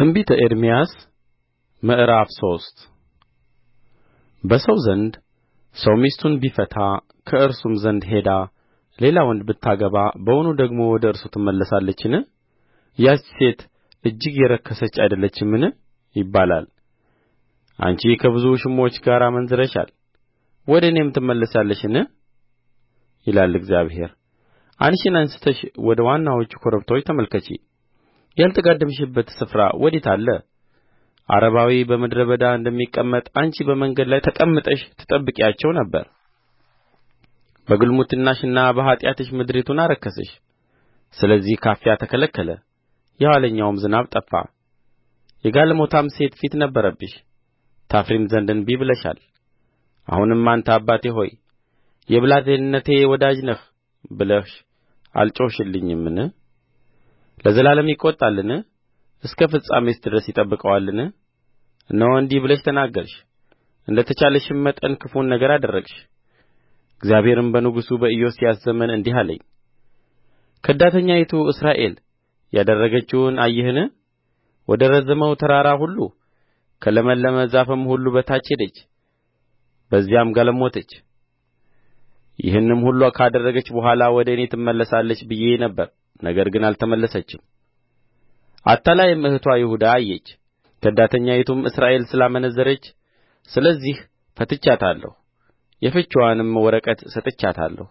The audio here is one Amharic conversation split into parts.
ትንቢተ ኤርምያስ ምዕራፍ ሶስት በሰው ዘንድ ሰው ሚስቱን ቢፈታ ከእርሱም ዘንድ ሄዳ ሌላ ወንድ ብታገባ በውኑ ደግሞ ወደ እርሱ ትመለሳለችን? ያች ሴት እጅግ የረከሰች አይደለችምን? ይባላል። አንቺ ከብዙ ውሽሞች ጋር አመንዝረሻል፣ ወደ እኔም ትመለሻለሽን? ይላል እግዚአብሔር። ዓይንሽን አንሥተሽ ወደ ወናዎች ኮረብቶች ተመልከቺ ያልተጋደምሽበት ስፍራ ወዴት አለ ዓረባዊ በምድረ በዳ እንደሚቀመጥ አንቺ በመንገድ ላይ ተቀምጠሽ ትጠብቂያቸው ነበር በግልሙትናሽና በኃጢአትሽ ምድሪቱን አረከስሽ ስለዚህ ካፊያ ተከለከለ የኋለኛውም ዝናብ ጠፋ የጋለሞታም ሴት ፊት ነበረብሽ ታፍሪም ዘንድ እንቢ ብለሻል አሁንም አንተ አባቴ ሆይ የብላቴንነቴ ወዳጅ ነህ ብለሽ አልጮኽሽልኝምን ለዘላለም ይቈጣልን እስከ ፍጻሜስ ድረስ ይጠብቀዋልን እነሆ እንዲህ ብለሽ ተናገርሽ እንደ ተቻለሽም መጠን ክፉን ነገር አደረግሽ እግዚአብሔርም በንጉሡ በኢዮስያስ ዘመን እንዲህ አለኝ ከዳተኛይቱ እስራኤል ያደረገችውን አየህን ወደ ረዘመው ተራራ ሁሉ ከለመለመ ዛፍም ሁሉ በታች ሄደች በዚያም ጋለሞተች ይህንም ሁሉ ካደረገች በኋላ ወደ እኔ ትመለሳለች ብዬ ነበር ነገር ግን አልተመለሰችም አታላይም እኅትዋ ይሁዳ አየች ከዳተኛይቱም እስራኤል ስላመነዘረች ስለዚህ ፈትቻታለሁ የፍችዋንም ወረቀት ሰጥቻታለሁ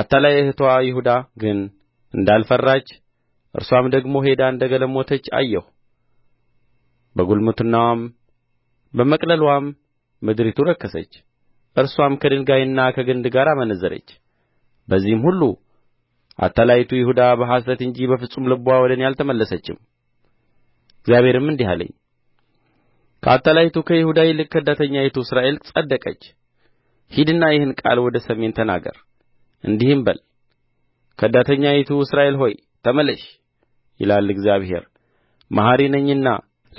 አታላይ እኅትዋ ይሁዳ ግን እንዳልፈራች እርስዋም ደግሞ ሄዳ እንደ ገለሞተች አየሁ በግልሙትናዋም በመቅለልዋም ምድሪቱ ረከሰች እርስዋም ከድንጋይና ከግንድ ጋር አመነዘረች በዚህም ሁሉ አታላይቱ ይሁዳ በሐሰት እንጂ በፍጹም ልብዋ ወደ እኔ አልተመለሰችም እግዚአብሔርም እንዲህ አለኝ ከአታላይቱ ከይሁዳ ይልቅ ከዳተኛይቱ እስራኤል ጸደቀች ሂድና ይህን ቃል ወደ ሰሜን ተናገር እንዲህም በል ከዳተኛይቱ እስራኤል ሆይ ተመለሽ ይላል እግዚአብሔር መሐሪ ነኝና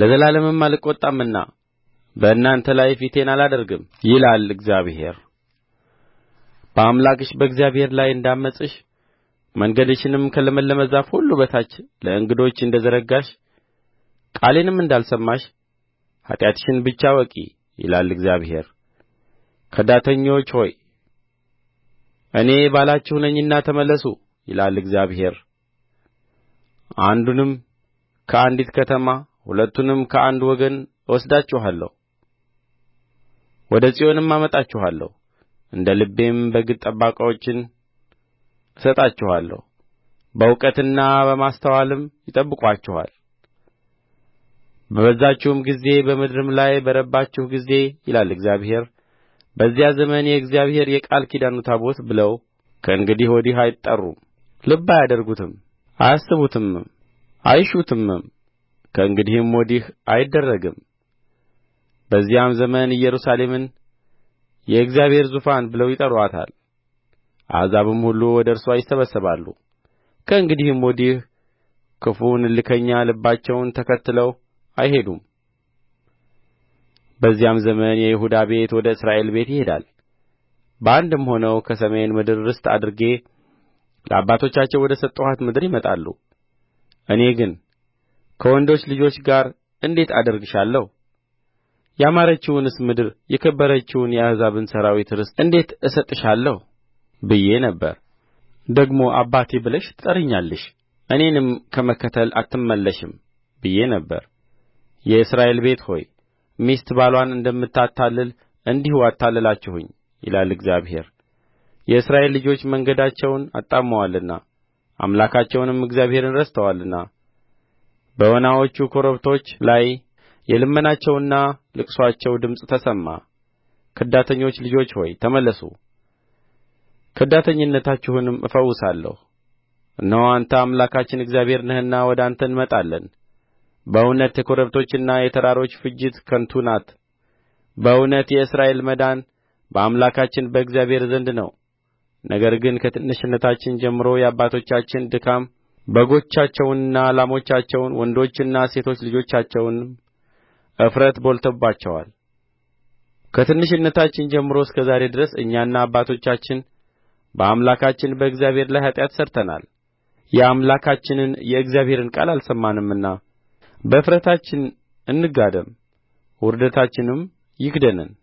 ለዘላለምም አልቈጣምና በእናንተ ላይ ፊቴን አላደርግም ይላል እግዚአብሔር በአምላክሽ በእግዚአብሔር ላይ እንዳመፅሽ መንገድሽንም ከለመለመ ዛፍ ሁሉ በታች ለእንግዶች እንደ ዘረጋሽ ቃሌንም እንዳልሰማሽ ኃጢአትሽን ብቻ እወቂ ይላል እግዚአብሔር ከዳተኞች ሆይ እኔ ባላችሁ ነኝና ተመለሱ ይላል እግዚአብሔር አንዱንም ከአንዲት ከተማ ሁለቱንም ከአንድ ወገን እወስዳችኋለሁ ወደ ጽዮንም አመጣችኋለሁ እንደ ልቤም በግ ጠባቆችን እሰጣችኋለሁ በእውቀትና በማስተዋልም ይጠብቁአችኋል በበዛችሁም ጊዜ በምድርም ላይ በረባችሁ ጊዜ ይላል እግዚአብሔር በዚያ ዘመን የእግዚአብሔር የቃል ኪዳኑ ታቦት ብለው ከእንግዲህ ወዲህ አይጠሩም ልብ አያደርጉትም አያስቡትምም አይሹትምም ከእንግዲህም ወዲህ አይደረግም በዚያም ዘመን ኢየሩሳሌምን የእግዚአብሔር ዙፋን ብለው ይጠሩአታል አሕዛብም ሁሉ ወደ እርስዋ ይሰበሰባሉ ከእንግዲህም ወዲህ ክፉውን እልከኛ ልባቸውን ተከትለው አይሄዱም በዚያም ዘመን የይሁዳ ቤት ወደ እስራኤል ቤት ይሄዳል በአንድም ሆነው ከሰሜን ምድር ርስት አድርጌ ለአባቶቻቸው ወደ ሰጠኋት ምድር ይመጣሉ እኔ ግን ከወንዶች ልጆች ጋር እንዴት አደርግሻለሁ ያማረችውንስ ምድር የከበረችውን የአሕዛብን ሠራዊት ርስት እንዴት እሰጥሻለሁ ብዬ ነበር ደግሞ አባቴ ብለሽ ትጠሪኛለሽ እኔንም ከመከተል አትመለሽም ብዬ ነበር የእስራኤል ቤት ሆይ ሚስት ባልዋን እንደምታታልል እንዲሁ አታለላችሁኝ ይላል እግዚአብሔር የእስራኤል ልጆች መንገዳቸውን አጣምመዋልና አምላካቸውንም እግዚአብሔርን ረስተዋልና በወናዎቹ ኮረብቶች ላይ የልመናቸውና ልቅሶአቸው ድምፅ ተሰማ ከዳተኞች ልጆች ሆይ ተመለሱ ከዳተኝነታችሁንም እፈውሳለሁ እነሆ አንተ አምላካችን እግዚአብሔር ነህና ወደ አንተ እንመጣለን በእውነት የኮረብቶችና የተራሮች ፍጅት ከንቱ ናት በእውነት የእስራኤል መዳን በአምላካችን በእግዚአብሔር ዘንድ ነው ነገር ግን ከትንሽነታችን ጀምሮ የአባቶቻችን ድካም በጎቻቸውንና ላሞቻቸውን ወንዶችና ሴቶች ልጆቻቸውንም እፍረት በልቶባቸዋል ከትንሽነታችን ጀምሮ እስከ ዛሬ ድረስ እኛና አባቶቻችን በአምላካችን በእግዚአብሔር ላይ ኃጢአት ሠርተናል የአምላካችንን የእግዚአብሔርን ቃል አልሰማንምና በእፍረታችን እንጋደም ውርደታችንም ይክደነን